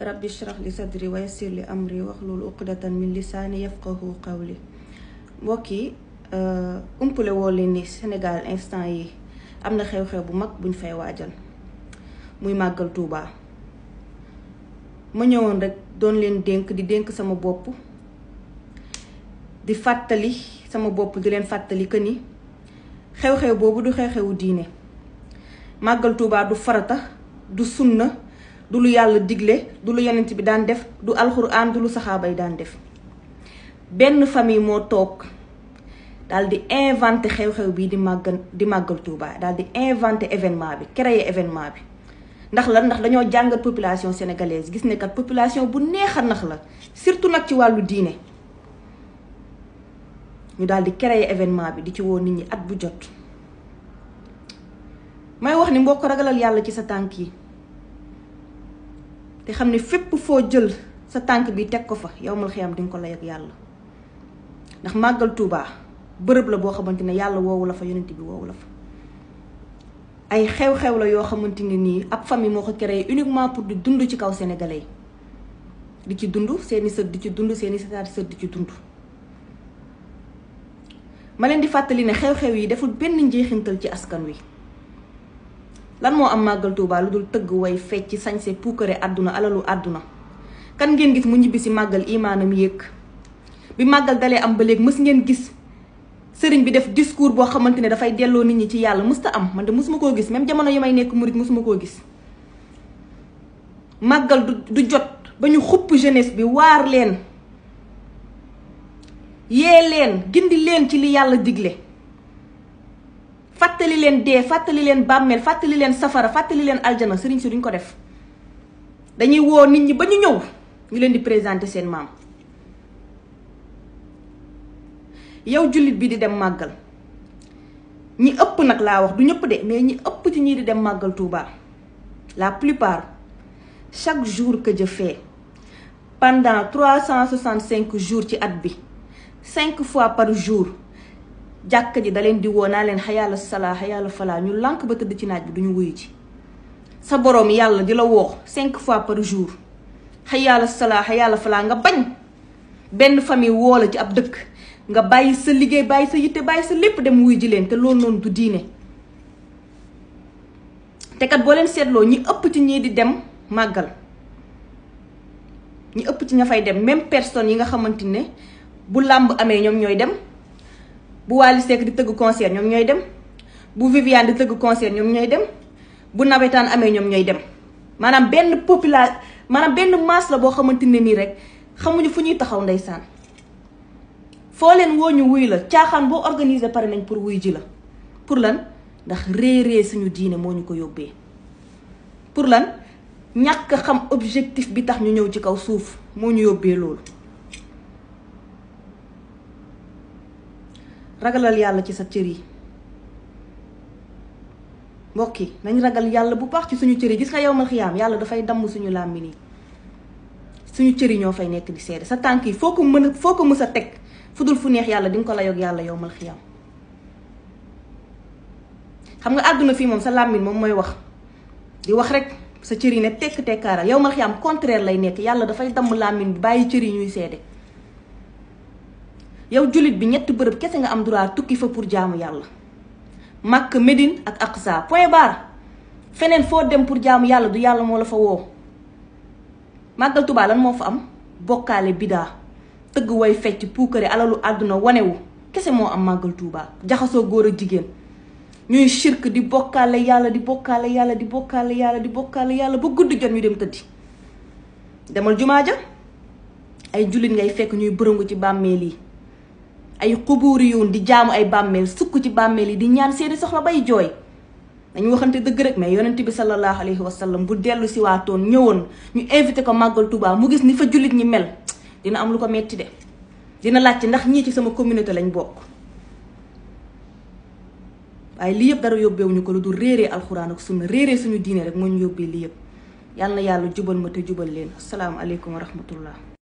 rabbi shrah li sadri wa yassir li amri waxlul uqdatan min lisaani yafqahu qawli mbokk yi euh, umpale woo leen ni Sénégal instant yi am na xew-xew bu mag buñ fay waajal muy màggal tuuba ma ñëwoon rek doon leen dénk di dénk sama bopp di fàttali sama bopp di leen fàttali que ni xew-xew boobu du xew-xewu diine màggal Tuubaa du farata du sunna du lu yàlla digle du lu yonent bi daan def du alxuraan du lu saxaaba yi daan def benn famille moo toog daal di inventé xew-xew bii di màggal di màggal Touba daal di inventé événement bi créé événement bi ndax la ndax dañoo jàngat population sénégalaise gis ne kat population bu neex a nax la surtout nag ci wàllu diine ñu daal di créer événement bi di ci woo nit ñi at bu jot may wax ni mbokk ragalal yàlla ci sa tànk yi te xam ne fépp foo jël sa tànk bi teg ko fa yow mal xiyam di ko lay ak yàlla ndax màggal Tuuba bërëb la boo xamante ne yàlla woowu la fa yonent bi woowu la fa ay xew-xew la yoo xamante ne nii ab famille moo ko créé uniquement pour di dund ci kaw sénégalais di ci dund seeni sët di ci dund seeni sëtaati sët di ci dund ma leen di fàttali ne xew-xew yi deful benn njeexintal ci askan wi lan moo am màggal Touba lu dul tëgg way fecc sañse puukare àdduna alalu àdduna kan ngeen gis mu ñibbi si màggal imaanam yéeg bi màggal dalee am ba léeg mës ngeen gis sëriñ bi def discours boo xamante ne dafay delloo nit ñi ci yàlla mësta am man de mësuma koo gis même jamono yi may nekk murit mësuma koo gis màggal du du jot ba ñu xupp jeunesse bi waar leen yee leen gindi leen ci li yàlla digle fàttali leen dee fàttali leen bàmmeel fàttali leen safara fàttali leen aljana sëriñ si duñ ko def dañuy woo nit ñi ba ñu ñëw ñu leen di présenter seen maam yow jullit bi di dem màggal ñi ëpp nag laa wax du ñëpp de mais ñi ëpp ci ñii di dem màggal Touba la plupart chaque jour que je fais pendant trois cent soixante cinq jours ci at bi cinq fois par jour jakk ji dalen di woo len leen sala salaa xayaala falaa ñu lank ba tëdd ci naaj bi duñu wuyu ci sa borom yalla di la 5 cinq fois par jour xayaala salaa xayaala fala nga bañ benn famille woo la ci ab dekk nga bayyi sa liggey bayyi sa yitte bayyi sa lepp dem wuyu ji len te lool non du diine te kat bo len setlo ñi ëpp ci ñi di dem magal, ñi ëpp ci ña fay dem même personne yi nga xamantene ne bu lamb amé ñom ñoy dem bu Wally Seck di tëgg concert ñoom ñooy dem bu Viviane di tëgg concert ñoom ñooy dem bu nawetaan amee ñoom ñooy dem maanaam benn population maanaam benn masse la boo xamante ne nii rek xamuñu fu ñuy taxaw ndeysaan foo leen woo ñu wuy la caaxaan boo organisé pare nañ pour wuy ji la pour lan ndax réeree suñu diine moo ñu ko yóbbee pour lan ñàkk xam objectif bi tax ñu ñëw ci kaw suuf moo ñu yóbbee loolu ragalal yàlla ci sa cër yi mbokk yi nañ ragal yàlla bu baax ci suñu cër yi gis nga yow mal xiyaam yàlla dafay damm suñu làmmiñ yi suñu cër yi ñoo fay nekk di seede sa tànk yi foo ko mën a foo ko mës a teg fu dul fu neex yàlla dinga ko la layoog yàlla yow mal xiyaam xam nga àdduna fii moom sa làmmiñ moom mooy wax di wax rek sa cër yi ne tekk tekkaaral yow mal xiyaam contraire lay nekk yàlla dafay damm làmmiñ bi bàyyi cër yi ñuy seede yow jullit bi ñett bërëb kese nga am droit tukki fa pour jaamu yàlla Makka Médine ak Aqsa point barre feneen foo dem pour jaamu yàlla du yàlla moo la fa woo màggal Tuubaa lan moo fa am bokkaale bidaa tëgg way fecc puukare alalu àdduna wanewu kese moo am màggal Tuubaa jaxasoo góor ak jigéen ñuy shirk di bokkaale yàlla di bokkaale yàlla di bokkaale yàlla di bokkaale yàlla ba gudd jot ñu dem tëddi demal jumaa ja ay jullit ngay fekk ñuy bërëngu ci bàmmeel yi ay xubuuri yoon di jaamu ay bàmmeel sukk ci bàmmeel yi di ñaan seeni soxla bay jooy dañu waxante dëgg rek mais yonent bi sallallahu alayhi wa bu dellu si waatoon ñu invité ko màggal Touba mu gis ni fa jullit ñi mel dina am lu ko metti de dina laajte ndax ñii ci sama communauté lañ bokk waaye lii yëpp dara yóbbeewuñu ko lu dul alxuraan ak sunna réeree suñu diine rek moo ñu yóbbee yëpp yàlla na yàlla jubal ma jubal leen asalaamaaleykum wa rahmatullah